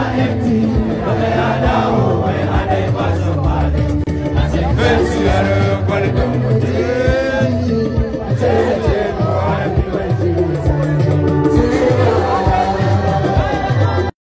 my empty